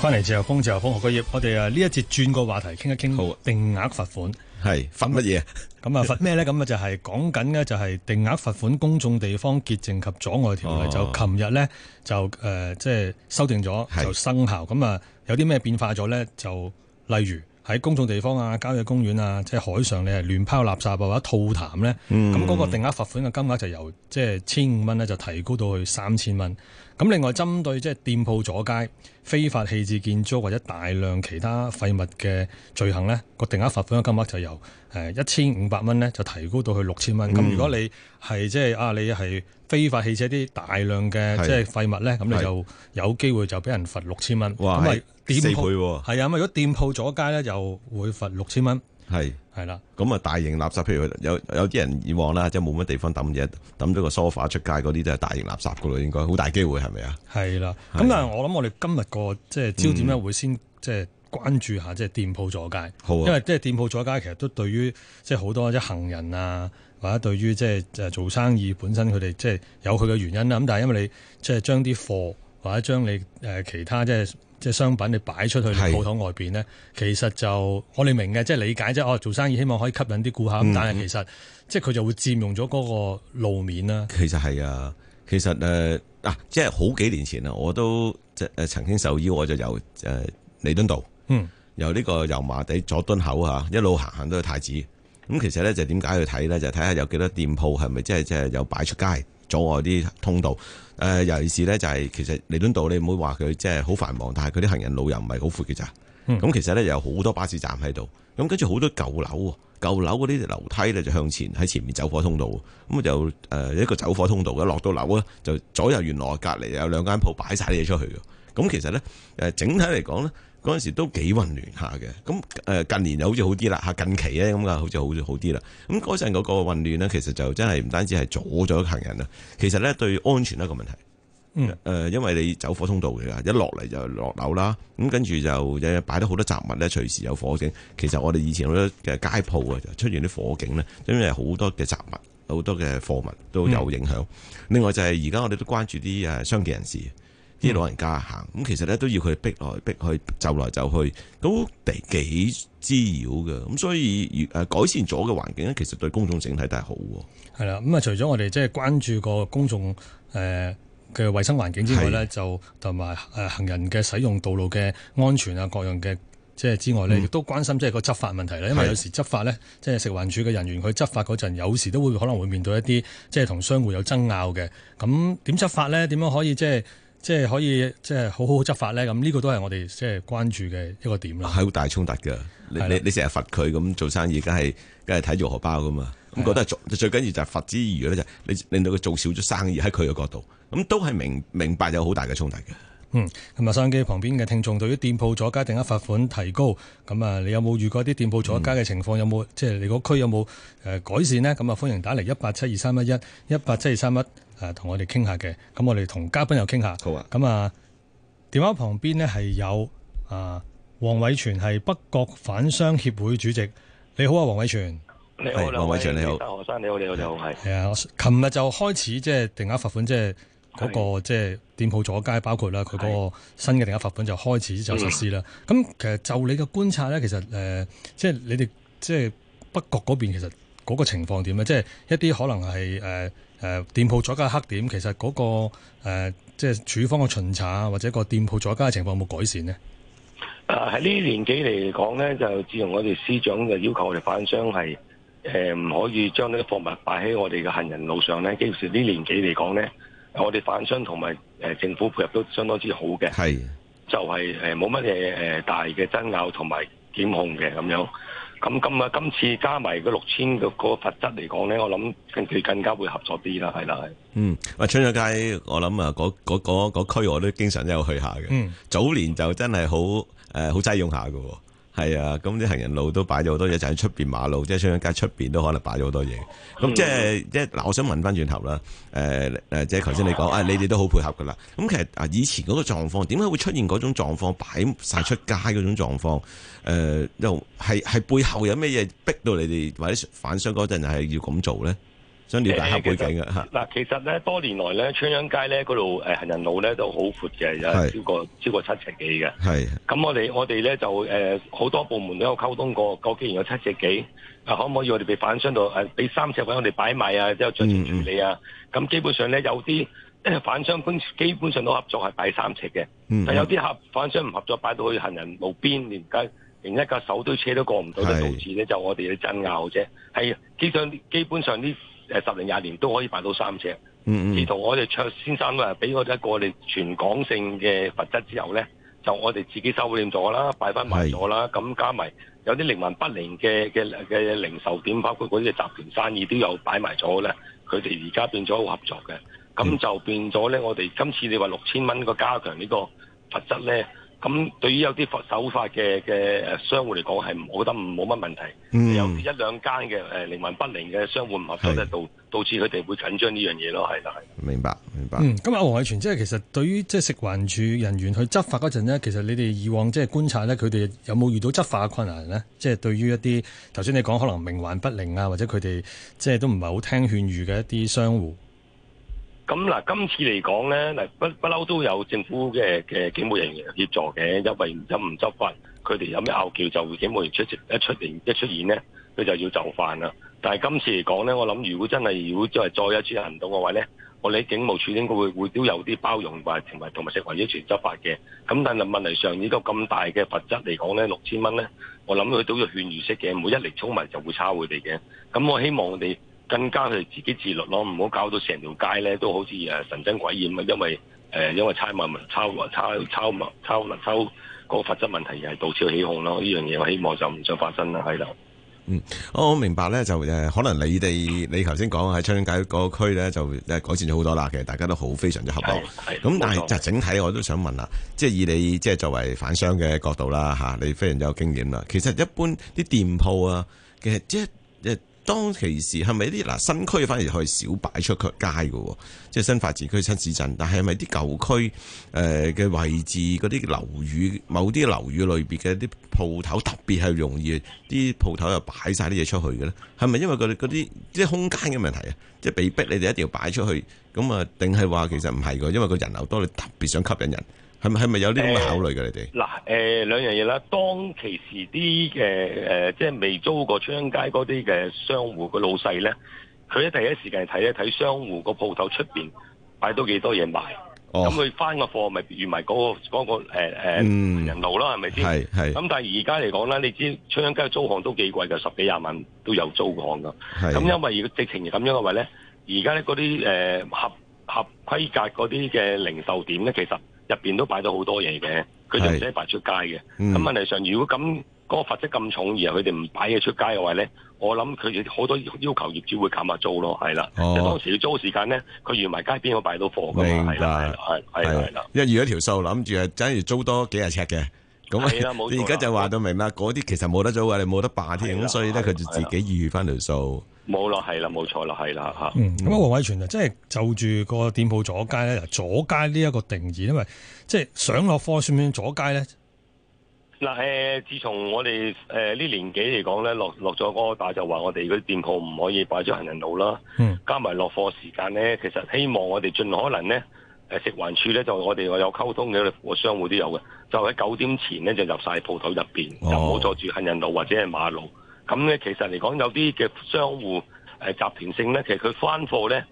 翻嚟自由風，自由風學業，我嘅我哋啊呢一節轉個話題，傾一傾定額罰款，係罰乜嘢？咁啊罰咩咧？咁啊就係講緊嘅就係定額罰款，公眾地方潔淨及阻礙條例，就琴日呢，就誒即係修訂咗，就生效。咁啊是有啲咩變化咗咧？就例如喺公眾地方啊，郊野公園啊，即係海上你係亂拋垃圾、啊、或者吐痰咧，咁嗰、嗯、個定額罰款嘅金額就由即係千五蚊咧就提高到去三千蚊。咁另外，針對即係店鋪阻街、非法棄置建築或者大量其他廢物嘅罪行，呢個定額罰款嘅金額就由誒一千五百蚊呢就提高到去六千蚊。咁、嗯、如果你係即係啊，你係非法棄置啲大量嘅即係廢物呢，咁是你就有機會就俾人罰六千蚊。哇是！四倍喎，係啊！咁如果店鋪阻街呢，又會罰六千蚊。係。係啦，咁啊大型垃圾，譬如有有啲人以往啦，即係冇乜地方抌嘢，抌咗個 sofa 出街嗰啲，都係大型垃圾噶咯，應該好大機會係咪啊？係啦，咁但係我諗我哋今日個即係焦點咧，會先即係關注下、嗯、即係店鋪阻街，好啊，因為即係店鋪阻街，其實都對於即係好多啲行人啊，或者對於即係誒做生意本身佢哋即係有佢嘅原因啦。咁但係因為你即係將啲貨或者將你誒其他即係。即係商品你擺出去鋪頭外邊咧，是其實就我哋明嘅，即係理解即係哦，做生意希望可以吸引啲顧客，咁、嗯、但係其實即係佢就會佔用咗嗰個路面啦。其實係啊，其實誒嗱、呃啊，即係好幾年前啊，我都即係曾經受邀，我就由誒彌、呃、敦道，嗯，由呢個油麻地佐敦口啊，一路行行到太子。咁其實咧就點解去睇咧？就睇、是、下有幾多店鋪係咪即係即係有擺出街。阻礙啲通道，誒、呃，尤其是呢、就是，就係其實彌敦道你唔好話佢即係好繁忙，但係佢啲行人路又唔係好闊嘅咋，咁、嗯、其實呢，有好多巴士站喺度，咁跟住好多舊樓，舊樓嗰啲樓梯呢，就向前喺前面走火通道，咁、嗯、就誒一個走火通道一落到樓咧就左右原來隔籬有兩間鋪擺晒啲嘢出去咁、嗯嗯、其實呢，誒整體嚟講咧。嗰陣時都幾混亂下嘅，咁誒近年就好似好啲啦嚇，近期咧咁嘅好似好就好啲啦。咁嗰陣嗰個混亂呢，其實就真係唔單止係阻咗行人啦，其實呢，對安全一個問題，誒、嗯，因為你走火通道嚟，一落嚟就落樓啦，咁跟住就嘅擺得好多雜物咧，隨時有火警。其實我哋以前好多嘅街鋪啊，就出現啲火警咧，因為好多嘅雜物、好多嘅貨物都有影響。嗯、另外就係而家我哋都關注啲誒傷健人士。啲老人家行咁，其實咧都要佢逼來逼去，走來走去，去，去，去都地幾滋擾嘅。咁所以誒改善咗嘅環境咧，其實對公眾整體都係好喎。係啦，咁啊，除咗我哋即係關注個公眾誒嘅衞生環境之外咧，就同埋誒行人嘅使用道路嘅安全啊，各樣嘅即係之外咧，嗯、亦都關心即係個執法問題咧。因為有時執法咧，的即係食環署嘅人員去執法嗰陣，有時都會可能會面對一啲即係同商戶有爭拗嘅。咁點執法咧？點樣可以即係？即係可以，即係好好執法咧。咁呢個都係我哋即係關注嘅一個點啦。係好大衝突㗎。你是的 你你成日罰佢，咁做生意，梗係梗係睇住荷包噶嘛。咁是的 覺得做最緊要就係罰之餘咧，就係、你令到佢做少咗生意喺佢嘅角度，咁都係明白明白有好大嘅衝突嘅。嗯，咁收音機旁邊嘅聽眾，對於店鋪阻街定額罰款提高，咁啊，你有冇遇過啲店鋪阻街嘅情況？嗯、有冇即係你個區有冇誒改善呢？咁啊，歡迎打嚟、啊、一八七二三一一，一八七二三一誒，同我哋傾下嘅。咁我哋同嘉賓又傾下。好啊。咁啊，電話旁邊呢係有啊，黃偉泉係北角販商協會主席。你好啊，黃偉泉,泉。你好，黃偉泉你好，大學生你好，你好你好係。係啊、嗯，琴日就開始罰即係定額罰款即係。嗰、那個即係、就是、店鋪阻街，包括啦佢嗰的個新嘅定額罰款就開始就實施啦。咁、嗯、其實就你嘅觀察咧，其實誒、呃、即係你哋即係北角嗰邊，其實嗰個情況點咧？即係一啲可能係誒誒店鋪阻街黑點，其實嗰、那個、呃、即係署方嘅巡查啊，或者個店鋪阻街嘅情況有冇改善呢？誒喺呢年紀嚟講咧，就自從我哋司長嘅要求我哋販商係誒唔可以將呢啲貨物擺喺我哋嘅行人路上咧，幾乎呢年紀嚟講咧。我哋販商同埋誒政府配合都相當之好嘅，係是就係誒冇乜嘢誒大嘅爭拗同埋檢控嘅咁樣，咁今啊今次加埋個六千個嗰罰則嚟講咧，我諗佢更加會合作啲啦，係啦，係。嗯，啊春秧街，我諗啊嗰區我都經常都有去下嘅，嗯，早年就真係好誒、呃、好擠擁下嘅喎。係啊，咁啲行人路都擺咗好多嘢，就喺出邊馬路，即係上一街出邊都可能擺咗好多嘢。咁即係、嗯、即係，我想問翻轉頭啦。誒、呃、誒，即係頭先你講，啊、嗯哎，你哋都好配合噶啦。咁其實啊，以前嗰個狀況，點解會出現嗰種狀況，擺晒出街嗰種狀況？誒、呃，又係係背後有咩嘢逼到你哋或者販商嗰陣係要咁做咧？將啲大客背景嘅嚇嗱，其實咧多年來咧，春秧街咧嗰度誒行人路咧都好闊嘅，有是超過超過七尺幾嘅。係咁是，我哋我哋咧就誒好、呃、多部門都有溝通過，嗰幾年有七尺幾，啊，可唔可以我哋俾販商度誒俾三尺位我哋擺埋啊，之後進行處理啊？咁、嗯、基本上咧有啲販商基基本上都合作係擺三尺嘅，嗯、但有啲合販商唔合作，擺到去行人路邊，連間連一架手推車都過唔到，嘅導致咧就我哋嘅爭拗啫。係的，基上基本上呢。誒十年、廿年都可以擺到三尺。嗯嗯，自從我哋卓先生話俾我哋一個我哋全港性嘅罰則之後咧，就我哋自己收斂咗啦，擺翻埋咗啦。咁是加埋有啲靈魂不靈嘅嘅嘅零售點，包括嗰啲集團生意都有擺埋咗咧。佢哋而家變咗好合作嘅，咁是就變咗咧。我哋今次你話六千蚊個加強個呢個罰則咧。咁對於有啲法守法嘅嘅商戶嚟講，係我覺得冇乜問題。有、嗯、一兩間嘅誒靈魂不靈嘅商戶，唔合作咧是，導導致佢哋會緊張呢樣嘢咯，係就係。明白，明白。嗯，咁阿黃偉泉，即係其實對於即係食環署人員去執法嗰陣咧，其實你哋以往即係觀察呢，佢哋有冇遇到執法嘅困難呢？即係對於一啲頭先你講可能冥頑不靈啊，或者佢哋即係都唔係好聽勸喻嘅一啲商戶。咁嗱，今次嚟講咧，嗱不不嬲都有政府嘅嘅警務人員協助嘅，因為一唔執法，佢哋有咩拗撬就警務人員出一出現一出現咧，佢就要就範啦。但係今次嚟講咧，我諗如果真係如果再再一次行動嘅話咧，我哋喺警務處應該會會都有啲包容同埋同埋社會秩序執法嘅。咁但係問題上，呢個咁大嘅罰則嚟講咧，六千蚊咧，我諗佢都要勸喻式嘅，唔會一嚟衝埋就會抄佢哋嘅。咁我希望我哋，更加係自己自律咯，唔好搞到成條街咧都好似誒神憎鬼厭啊！因為誒因為差民文抄啊，抄喺抄抄抄，抄，抄，抄，抄個法則問題又係到超起哄咯！呢樣嘢我希望就唔想發生啦喺度。嗯，我明白咧，就誒可能你哋你頭先講喺春街嗰個區咧就改善咗好多啦。其實大家都好非常之合理。咁。但係是就沒錯 整體我都想問啦，即係以你即係作為反商嘅角度啦嚇、啊，你非常之有經驗啦。其實一般啲店鋪啊，其實即係當其時係咪啲嗱新區反而可以少擺出佢街嘅？即係新發展區、新市鎮，但係係咪啲舊區誒嘅位置嗰啲樓宇、某啲樓宇類別嘅啲鋪頭特別係容易啲鋪頭又擺晒啲嘢出去嘅咧？係咪因為佢哋嗰啲即係空間嘅問題啊？即係被逼你哋一定要擺出去咁啊？定係話其實唔係嘅，因為個人流多，你特別想吸引人。係咪，係咪有啲咁嘅考慮嘅？你哋嗱，誒、呃、兩樣嘢啦。當其時啲嘅誒，即係未租過春秧街嗰啲嘅商戶個老細咧，佢喺第一時間睇一睇商戶個鋪頭出邊擺多幾多嘢賣，咁佢、哦、翻個貨咪預埋嗰個嗰、嗰個、嗰個呃嗯、人路啦，係咪先？係係咁。但係而家嚟講咧，你知春秧街租行都幾貴嘅，十幾廿萬都有租行嘅。咁是因為直情係咁樣嘅話咧，而家咧嗰啲誒合合規格嗰啲嘅零售點咧，其實。入邊都擺到好多嘢嘅，佢就唔使擺出街嘅。咁問題上，嗯、如果咁嗰、嗰個罰則咁重，而係佢哋唔擺嘢出街嘅話咧，我諗佢好多要求業主會減下租咯，係啦。哦、當時租時間咧，佢預埋街邊可擺到貨咁，係啦，係係係啦。因為預咗條數，諗住啊，等於租多幾廿尺嘅。咁啊，你而家就話到明啦，嗰啲其實冇得租嘅，你冇得擺添，咁所以咧，佢就自己預翻條數。冇咯，係啦，冇錯啦，係啦，嚇。咁啊，黃偉泉啊，即係就住個店鋪阻街咧，阻街呢一個定義，因為即係上落貨算唔算阻街咧？嗱，誒，自從我哋誒呢年紀嚟講咧，落落咗嗰個，就話我哋嗰啲店鋪唔可以擺咗行人路啦。嗯、加埋落貨時間咧，其實希望我哋盡可能咧，誒食環署咧就我哋話有溝通嘅，我商戶都有嘅，就喺九點前咧就入晒鋪頭入邊，哦、就冇阻住行人路或者係馬路。咁咧，其實嚟講有啲嘅商戶誒集團性咧，其實佢翻貨咧，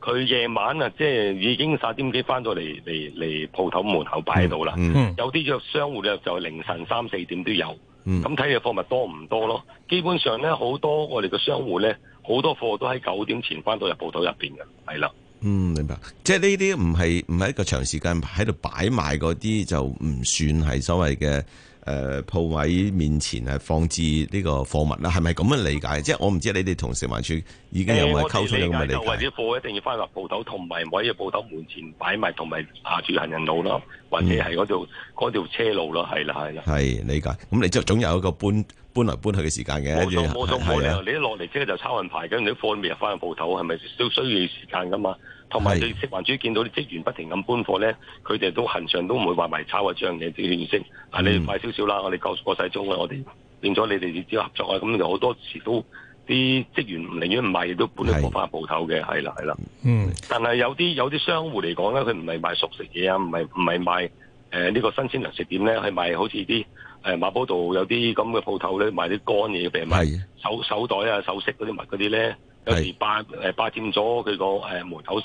佢夜晚啊，即係已經十點幾翻到嚟嚟嚟鋪頭門口擺喺度啦。嗯嗯、有啲嘅商戶咧，就凌晨三四點都有。咁睇嘅貨物多唔多咯？基本上咧，好多我哋嘅商戶咧，好多貨都喺九點前翻到入鋪頭入邊嘅。係啦，嗯，明白。即係呢啲唔係唔係一個長時間喺度擺賣嗰啲，就唔算係所謂嘅。誒鋪、呃、位面前係放置呢個貨物啦，係咪咁樣理解？嗯、即係我唔知你哋同食環署已經有冇溝通咗咁嘅理解。為貨一定要翻入鋪頭，同埋唔可以喺鋪頭門前擺埋，同埋下住行人路咯，或者係嗰度嗰條車路咯，係啦，係啦，係理解。咁你就係總有一個搬搬嚟搬去嘅時間嘅。的你一落嚟即係就抄運牌，咁你啲貨未入翻入鋪頭，係咪都需要時間㗎嘛？同埋你食環署見到啲職員不停咁搬貨咧，佢哋都恆常都唔會話埋炒啊漲嘅啲現象。啊，你快少少啦，我哋夠過曬鐘啦，我哋。變咗你哋要合作啊，咁有好多時都啲職員寧願唔賣嘢都搬啲貨翻入鋪頭嘅，係啦，係啦。嗯。但係有啲有啲商戶嚟講咧，佢唔係賣熟食嘢啊，唔係唔係賣誒呢個新鮮糧食店咧，係賣好似啲誒馬寶道有啲咁嘅鋪頭咧，賣啲乾嘢譬如賣，手手袋啊、首飾嗰啲物嗰啲咧。有時是霸誒、呃、霸佔咗佢個誒門口誒誒、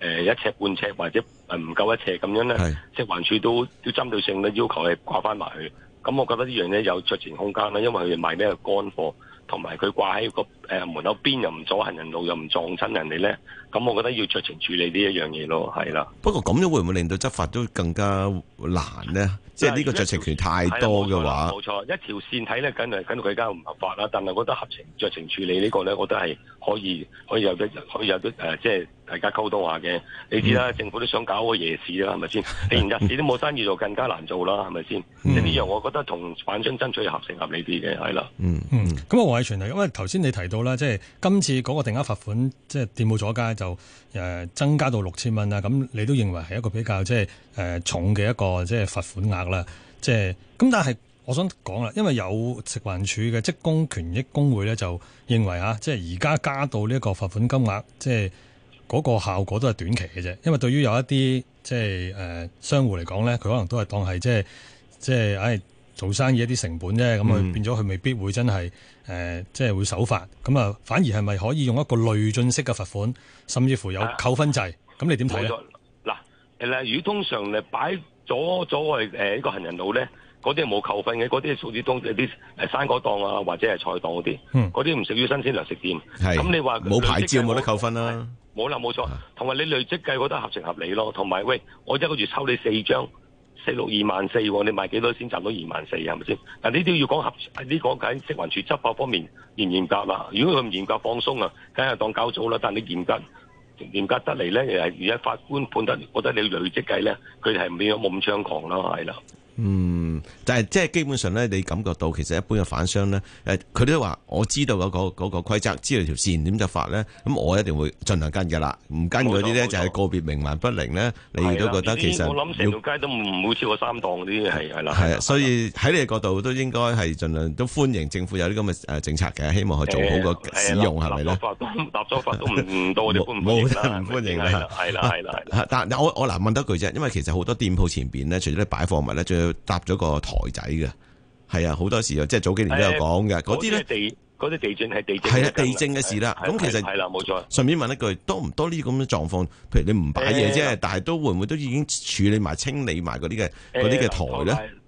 呃、一尺半尺或者誒唔夠一尺咁樣咧，食是環署都都針對性嘅要求係掛返埋去。咁、嗯、我覺得呢樣咧有酌情空間啦，因為佢賣咩乾貨，同埋佢掛喺個。誒門口邊又唔阻行人路，又唔撞親人哋咧，咁我覺得要酌情處理呢一樣嘢咯，係啦。不過咁樣會唔會令到執法都更加難咧？即係呢個酌情權太多嘅話，冇錯，一條線睇咧，梗係梗係佢家唔合法啦。但係我覺得合情酌情處理呢個咧，我覺得係可以可以有啲可以有啲誒，即係大家溝通下嘅。你知啦，政府都想搞個夜市啦，係咪先？連日市都冇生意做，更加難做啦，係咪先？呢樣我覺得同販商爭取合情合理啲嘅，係啦。嗯嗯，咁啊，黃偉泉啊，因為頭先你提到。好啦，即係今次嗰個定額罰款，即係店舖阻街就誒、呃、增加到六千蚊啦。咁你都認為係一個比較即係誒、呃、重嘅一個即係罰款額啦。即係咁，但係我想講啦，因為有食環署嘅職工權益工會咧，就認為啊，即係而家加到呢一個罰款金額，即係嗰個效果都係短期嘅啫。因為對於有一啲即係誒、呃、商戶嚟講咧，佢可能都係當係即係即係，哎。做生意一啲成本啫，咁佢、嗯、變咗佢未必會真係誒，即、呃、係會守法。咁啊，反而係咪可以用一個累進式嘅罰款，甚至乎有扣分制？咁、啊、你點睇嗱，例如果通常你擺咗咗係誒一個行人路咧，嗰啲係冇扣分嘅，嗰啲係數字檔，嗰啲誒生果檔啊，或者係菜檔嗰啲，嗰啲唔屬於新鮮糧食店。係是，咁你話冇牌照冇得扣分啦、啊，冇啦冇錯。同埋你累積計，覺得合情合理咯。同埋喂，我一個月收你四張。四六二萬四、哦，你賣幾多先賺到二萬四？係咪先？但呢啲要講合，呢講緊食環署執法方面嚴唔嚴格啦、啊。如果佢唔嚴格放鬆啊，梗係當教唆啦。但係你嚴格，嚴格得嚟咧，又係而家法官判得覺得你累積計咧，佢哋係唔變咗冇咁猖狂咯，係啦。嗯，但係即係基本上咧，你感覺到其實一般嘅販商咧，誒，佢都話我知道嗰個嗰個規則，知道條線點就發咧，咁我一定會盡量跟嘅啦。唔跟嗰啲咧就係個別冥頑不靈咧，你都覺得其實我諗成條街都唔會超過三檔啲，係係啦。係啊，所以喺你嘅角度都應該係盡量都歡迎政府有啲咁嘅誒政策嘅，希望佢做好個使用係咪咧？立咗法都唔到我哋，唔歡迎係啦係啦。但係我我嗱問多句啫，因為其實好多店鋪前邊咧，除咗啲擺貨物咧，搭咗個台仔嘅？係啊，好多時候即係早幾年都有講嘅，嗰啲咧地，嗰啲地震係地震，係啊，地震嘅事啦。咁的其實係啦，冇錯。順便問一句，多唔多呢啲咁嘅狀況？譬如你唔擺嘢啫，的但係都會唔會都已經處理埋、清理埋嗰啲嘅、嗰啲嘅台咧？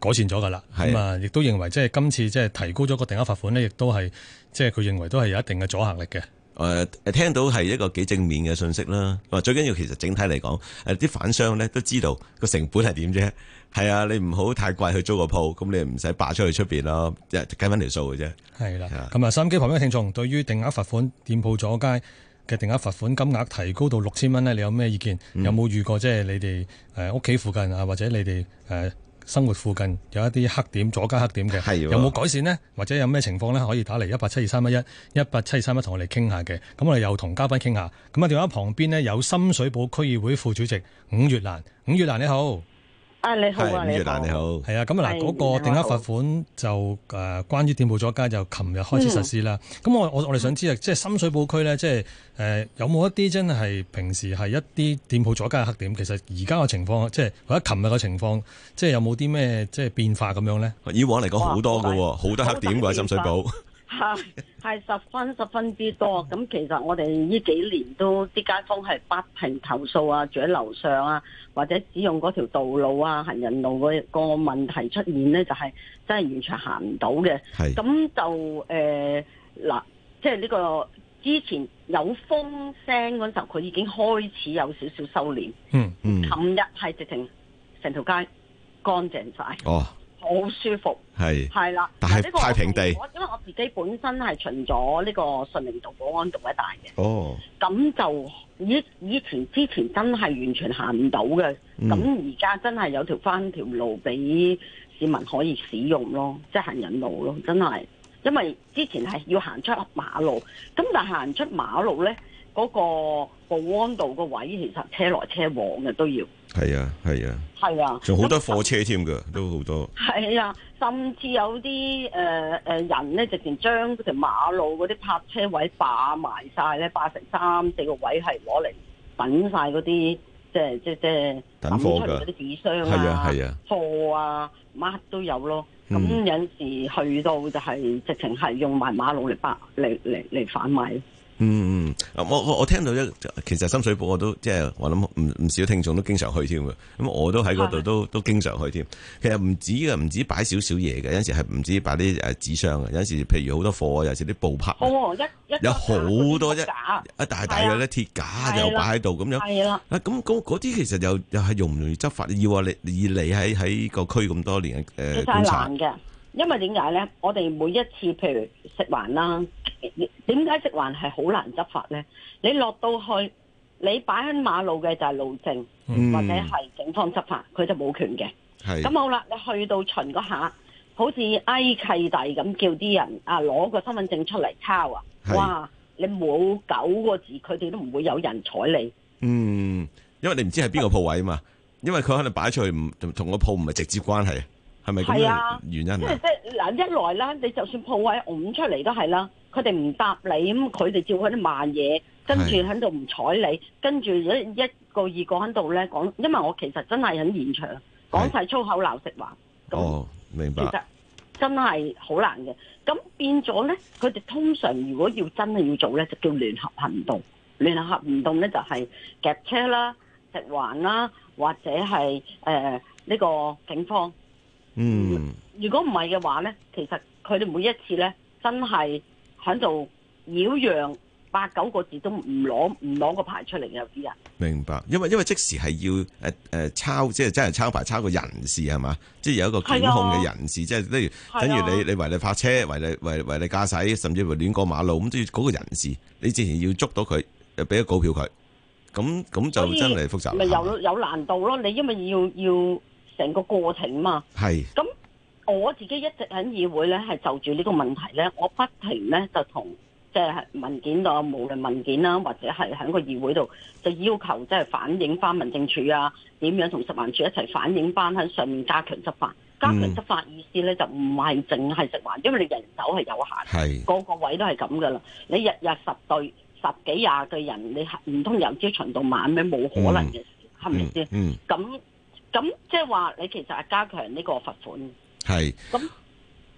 改善咗噶啦，咁啊的，亦都認為即係今次即係提高咗個定額罰款咧，亦的都係即係佢認為都係有一定嘅阻嚇力嘅。誒，聽到係一個幾正面嘅信息啦。話最緊要其實整體嚟講，誒啲反商咧都知道個成本係點啫。係啊，你唔好太貴去租個鋪，咁你唔使霸出去出邊咯，即係計翻條數嘅啫。係啦。咁啊，收音機旁邊嘅聽眾，對於定額罰款、店鋪阻街嘅定額罰款金額提高到六千蚊咧，你有咩意見？嗯、有冇遇過即係你哋誒屋企附近啊，或者你哋誒？生活附近有一啲黑點，阻街黑點嘅，的有冇改善呢？或者有咩情況呢？可以打嚟一八七二三一一，一八七二三一同我哋傾下嘅。咁我哋又同嘉賓傾下。咁啊，電話旁邊呢，有深水埗區議會副主席伍月蘭，伍月蘭你好。啊，你好啊，伍月蘭你好。係啊，咁啊嗱，嗰、那個定額罰款就誒、呃，關於店鋪阻街就琴日開始實施啦。咁、嗯、我我我哋想知啊，即係深水埗區咧，即係誒、呃，有冇一啲真係平時係一啲店鋪阻街嘅黑點？其實而家嘅情況，即係或者琴日嘅情況，即係有冇啲咩即係變化咁樣咧？以往嚟講好多嘅，好多黑點嘅喺深水埗。 係係、 uh, 十分十分之多，咁其實我哋呢幾年都啲街坊係不停投訴啊，住喺樓上啊，或者只用嗰條道路啊、行人路嗰、那個問題出現呢，就係、是、真係完全行唔到嘅。咁是就誒嗱、呃，即係呢、這個之前有風聲嗰時候，佢已經開始有少少收斂、嗯。嗯嗯，琴日係直情成條街乾淨晒。哦好舒服，係係啦，的大但係太平地，因為我自己本身係巡咗呢個順寧道、保安道一帶嘅，哦，咁就以以前之前真係完全行唔到嘅，咁而家真係有條翻條路俾市民可以使用咯，即係行人路咯，真係，因為之前係要行出馬路，咁但係行出馬路咧，嗰個保安道個位其實車來車往嘅都要。係啊，係啊，係啊，仲好、嗯、很多貨車添噶，都好多。係啊，甚至有啲誒誒人咧，直情將嗰條馬路嗰啲泊車位霸埋晒咧，霸成三四個位係攞嚟等晒嗰啲，即係即即等出嗰啲紙箱啊，貨啊，乜、啊啊啊、都有咯。咁、嗯、有陣時去到就係、是、直情係用埋馬路嚟霸，嚟嚟嚟販賣。嗯嗯，我我我聽到一其實深水埗我都即係我諗唔唔少聽眾都經常去添嘅，咁我都喺嗰度都是的 都經常去添。其實唔止嘅，唔止擺少少嘢嘅，有陣時係唔止擺啲誒紙箱嘅，有陣時譬如好多貨啊，的有時啲布匹，一一有好多一一大大嘅咧鐵架又擺喺度咁樣，係啦的。咁嗰啲其實又又係容唔容易執法？要你而你喺喺個區咁多年誒巡查嘅。呃的因為點解咧？我哋每一次譬如食環啦，點解食環係好難執法咧？你落到去，你擺喺馬路嘅就係路政，嗯、或者係警方執法，佢就冇權嘅。係咁是好啦，你去到巡嗰下，好似挨、哎、契弟咁叫啲人啊，攞個身份證出嚟抄啊！是哇，你冇九個字，佢哋都唔會有人睬你。嗯，因為你唔知係邊個鋪位啊嘛， 因為佢可能擺出去唔同個鋪唔係直接關係。係咪咁啊？係啊，原因係，因為即係嗱，一來咧，你就算鋪位㧬出嚟都係啦，佢哋唔答你咁，佢哋照喺度慢嘢，跟住喺度唔睬你，跟住一一個二個喺度咧講。因為我其實真係喺現場講晒粗口鬧食環。是樣哦，明白，其實真真係好難嘅。咁變咗咧，佢哋通常如果要真係要做咧，就叫聯合行動。聯合行動咧，就係夾車啦、食環啦，或者係誒呢個警方。嗯，如果唔係嘅話咧，其實佢哋每一次咧，真係響度擾攘，八九個字都唔攞唔攞個牌出嚟，有啲人明白，因為因為即時係要誒誒、呃、抄，即係真係抄牌，抄個人士係嘛，即係有一個檢控嘅人士，的即係例如，等於的你你違例泊車，違例違違例駕駛，甚至乎亂過馬路，咁即要嗰個人士，你之前要捉到佢，又俾個告票佢，咁咁就真係複雜咪？咪有有難度咯，你因為要要。整個過程嘛，係咁是我自己一直喺議會咧，係就住呢個問題咧，我不停咧就同即係文件度，無論文件啦，或者係喺個議會度，就要求即係反映翻民政處啊，點樣同食環署一齊反映翻喺上面加強執法，加強執法意思咧、嗯、就唔係淨係食環，因為你人手係有限，係是個個位都係咁噶啦，你日日十對十幾廿對人，你唔通由朝巡到晚咩？冇可能嘅事，係咪先？咁咁即係話你其實係加強呢個罰款，係咁是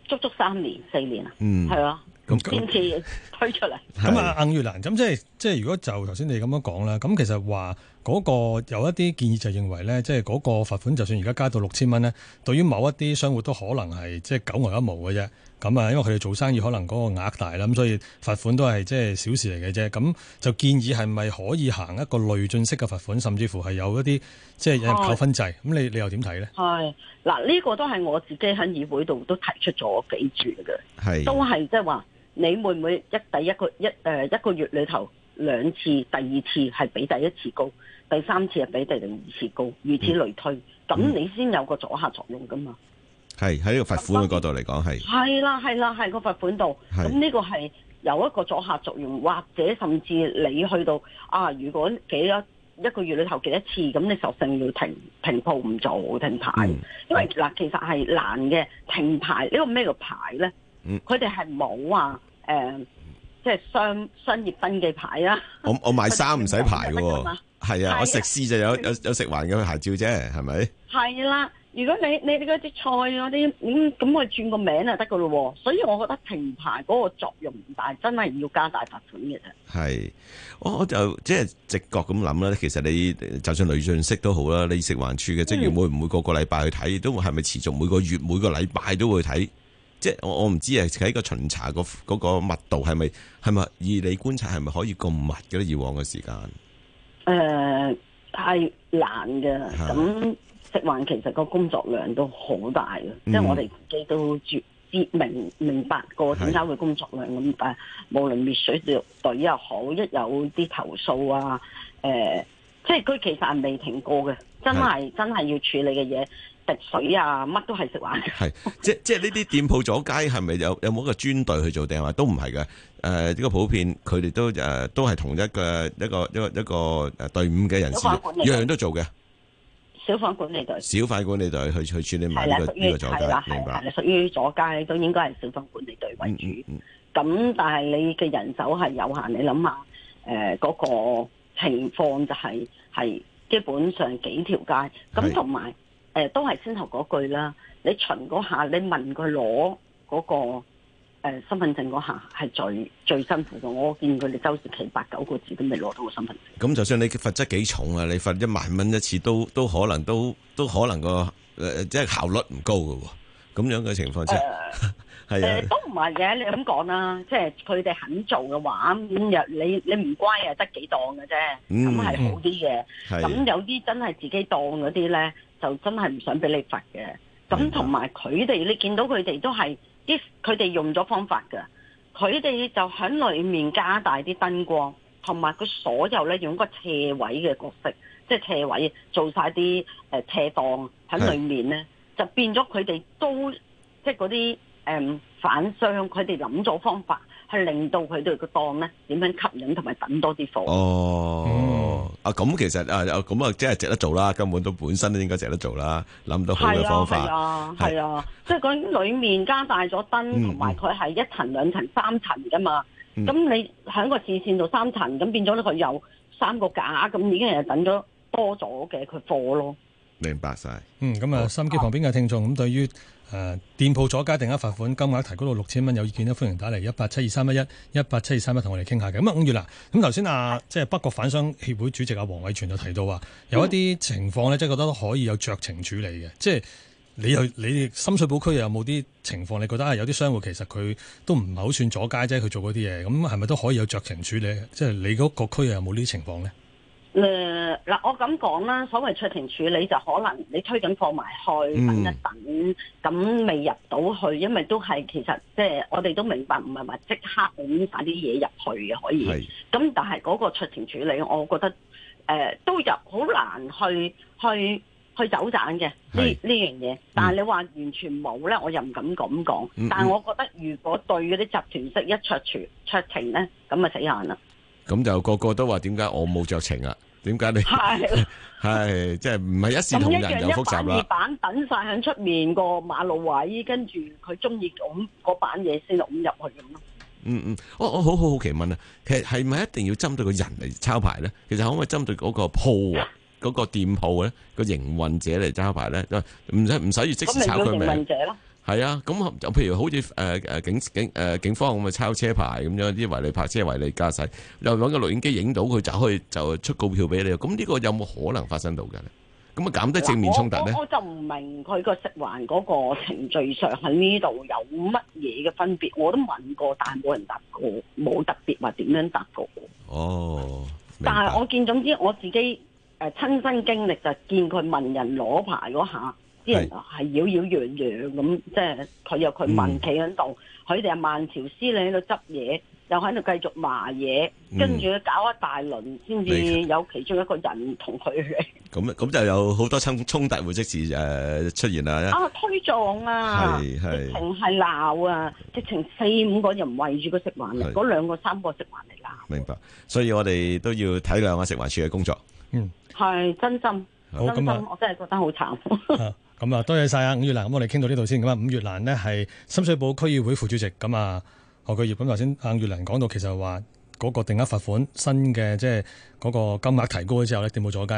足足三年四年、嗯、啊，嗯，係啊才、嗯，咁先至推出嚟。咁 是啊，伍月蘭，咁即係即係如果就頭先你咁樣講啦，咁其實話。嗰個有一啲建議就係認為咧，即係嗰個罰款就算而家加到六千蚊咧，對於某一啲商戶都可能係即係九牛一毛嘅啫。咁啊，因為佢哋做生意可能嗰個額大啦，咁所以罰款都係即係小事嚟嘅啫。咁就建議係咪可以行一個累進式嘅罰款，甚至乎係有一啲即係有人扣分制？咁是你你又點睇咧？係嗱，呢、這個都係我自己喺議會度都提出咗幾次嘅，是都係即係話你會唔會一第一個一誒一個月裏頭兩次，第二次係比第一次高？第三次係比第二次高，如此類推，咁、嗯、你先有個阻嚇作用噶嘛？係喺呢個罰款嘅角度嚟講，係係啦係啦喺個罰款度，咁呢個係有一個阻嚇作用，或者甚至你去到啊，如果幾多一個月裏頭幾多次，咁你索性要停停鋪唔做停牌，嗯、因為嗱，嗯、其實係難嘅停牌、呢個、叫牌呢個咩嘅牌咧？佢哋係冇啊誒。即係商商業登記牌啦。我我賣衫唔使牌嘅，係、嗯、啊，我食肆就有、嗯、有有,有食環嘅牌照啫，係咪？係啦、啊，如果你你你嗰啲菜嗰啲，咁咁我轉個名就得噶咯。所以我覺得停牌嗰個作用唔大，真係要加大罰款嘅。係我我就即係直覺咁諗啦。其實你就算女俊識都好啦，你食環署嘅，嗯、即係會唔會個個禮拜去睇？都係咪持續每個月每個禮拜都會睇？即係我我唔知啊，喺個巡查個密度係咪係咪？以你觀察係咪可以咁密嘅咧？以往嘅時間，誒、呃，太難嘅。咁是食環其實個工作量都好大嘅，嗯、即係我哋自己都絕絕明明白過點解會工作量咁大。是無論滅水隊隊又好，一有啲投訴啊，誒、呃，即係佢其實係未停過嘅，真係是真係要處理嘅嘢。滴水啊，乜都係食玩嘅。係，即係即係呢啲店鋪阻街，係咪有有冇一個專隊去做定係都唔係嘅？誒，呢個普遍，佢哋都誒都係同一個一個一個一個誒隊伍嘅人士，樣樣都做嘅。小販管理隊。小販管理隊去去處理埋呢個呢個阻街，係啦，明白。係屬於阻街都應該係小販管理隊為主。咁但係你嘅人手係有限，你諗下誒嗰個情況就係係基本上幾條街，咁同埋。誒都係先頭嗰句啦！你巡嗰下，你問佢攞嗰個誒身份證嗰下係最最辛苦嘅。我見佢哋周時八九個字都未攞到個身份證。咁就算你罰則幾重啊？你罰一萬蚊一次都都可能都都可能個誒即係效率唔高㗎喎。咁樣嘅情況即係誒都唔係嘅。你咁講啦，即係佢哋肯做嘅話，咁又你你唔乖啊，得幾檔嘅啫。咁係好啲嘅。咁有啲真係自己當嗰啲咧。就真係唔想俾你罰嘅，咁同埋佢哋，你見到佢哋都係啲佢哋用咗方法嘅，佢哋就喺裏面加大啲燈光，同埋佢所有咧用個斜位嘅角色，即係斜位做晒啲誒斜檔喺裏面咧，是就變咗佢哋都即係嗰啲誒反商，佢哋諗咗方法去令到佢哋個檔咧點樣吸引同埋等多啲貨。哦嗯啊，咁其實啊，咁啊，即係值得做啦，根本都本身都應該值得做啦，諗到好嘅方法，係啊，係啊，即係佢裏面加大咗燈，同埋佢係一層、兩層、三層噶嘛，咁、嗯、你喺個視線度三層，咁變咗佢有三個架，咁已經係等咗多咗嘅佢貨咯，明白晒，嗯，咁啊，心機旁邊嘅聽眾咁對於。誒、呃，店鋪阻街定額罰款金額提高到六千蚊，有意見咧，歡迎打嚟一八七二三一一一八七二三一同我哋傾下嘅。咁、嗯、啊五月啦，咁頭先啊，即係北角販商協會主席阿黃偉泉就提到話，有一啲情況咧，即係覺得可以有酌情處理嘅。即係你去你深水埗區有冇啲情況？你覺得啊，有啲商戶其實佢都唔係好算阻街啫，佢做嗰啲嘢，咁係咪都可以有酌情，情，、啊嗯、情處理？即係你嗰個區有冇呢啲情況呢？誒，嗱、呃，我咁講啦，所謂酌情處理就可能你推緊放埋開，等一等，咁、嗯、未入到去，因為都係其實即係、呃、我哋都明白，唔係話即刻咁快啲嘢入去嘅可以。咁是但係嗰個酌情處理，我覺得誒、呃、都入好難去去去走盞嘅呢呢樣嘢。但係你話完全冇咧，我又唔敢咁講。嗯、但係我覺得如果對嗰啲集團式一酌情酌情咧，咁啊死眼啦！咁就個個都話點解我冇酌情啊？點解你係係即係唔係一視同仁又複雜啦？咁一樣，一板二板等晒喺出面個馬路位，跟住佢中意咁嗰板嘢先落伍入去咁咯。嗯嗯，我我好好好奇問啊，其實係咪一定要針對個人嚟抄牌咧？其實可唔可以針對嗰個鋪嗰個店鋪咧個營運者嚟抄牌咧？唔使唔使要即時抄佢咪？咁咪叫營運者咯。係啊，咁就譬如好似誒誒警警誒警方咁啊抄車牌咁樣，啲違例泊車、違例駕駛，又揾個錄影機影到佢就可以就出告票俾你，咁呢個有冇可能發生到嘅咧？咁啊減低正面衝突咧？我就唔明佢個食環嗰個程序上喺呢度有乜嘢嘅分別？我都問過，但係冇人答過，冇特別話點樣答過。哦，但係我見總之我自己誒親身經歷就見佢問人攞牌嗰下。啲人係妖妖攘攘咁，即係佢又佢問企喺度，佢哋係慢條斯理喺度執嘢，又喺度繼續罵嘢，跟住搞一大輪先至有其中一個人同佢。咁咁就有好多衝衝突，會即時誒出現啦。啊！推撞啊！係係，直情係鬧啊！直情四五個人圍住個食環嚟，嗰兩個三個食環嚟鬧。明白，所以我哋都要體諒下食環署嘅工作。嗯，係真心，真心，我真係覺得好慘。咁啊，多謝晒啊，伍月蘭。咁我哋傾到呢度先。咁啊，伍月蘭咧係深水埗區議會副主席。咁啊，何巨業。咁頭先，阿月蘭講到，其實話嗰個定額罰款新嘅，即係嗰個金額提高咗之後咧，點冇阻街？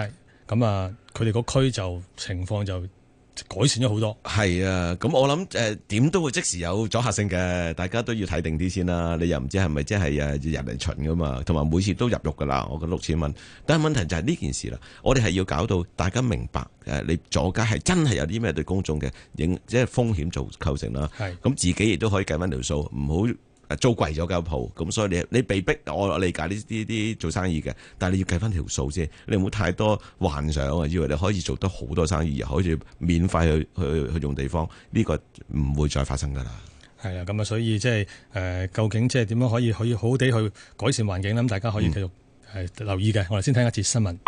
咁啊，佢哋個區就情況就，改善咗好多，係啊，咁我諗誒，點、呃、都會即時有阻嚇性嘅，大家都要睇定啲先啦。你又唔知係咪即係啊入嚟巡噶嘛，同埋每次都入六噶啦，我講六千蚊。但係問題就係呢件事啦，我哋係要搞到大家明白誒、呃，你阻街係真係有啲咩對公眾嘅影，即係風險做構成啦。係是，咁自己亦都可以計翻條數，唔好。租貴咗間鋪咁所以你你被逼，我理解呢啲啲做生意嘅，但係你要計翻條數先，你唔好太多幻想啊，以為你可以做得好多生意，又可以免費去去去用地方，呢、這個唔會再發生噶啦。係啊，咁啊，所以即係誒，究竟即係點樣可以可以好好地去改善環境咧？咁大家可以繼續係留意嘅。嗯、我哋先聽一節新聞。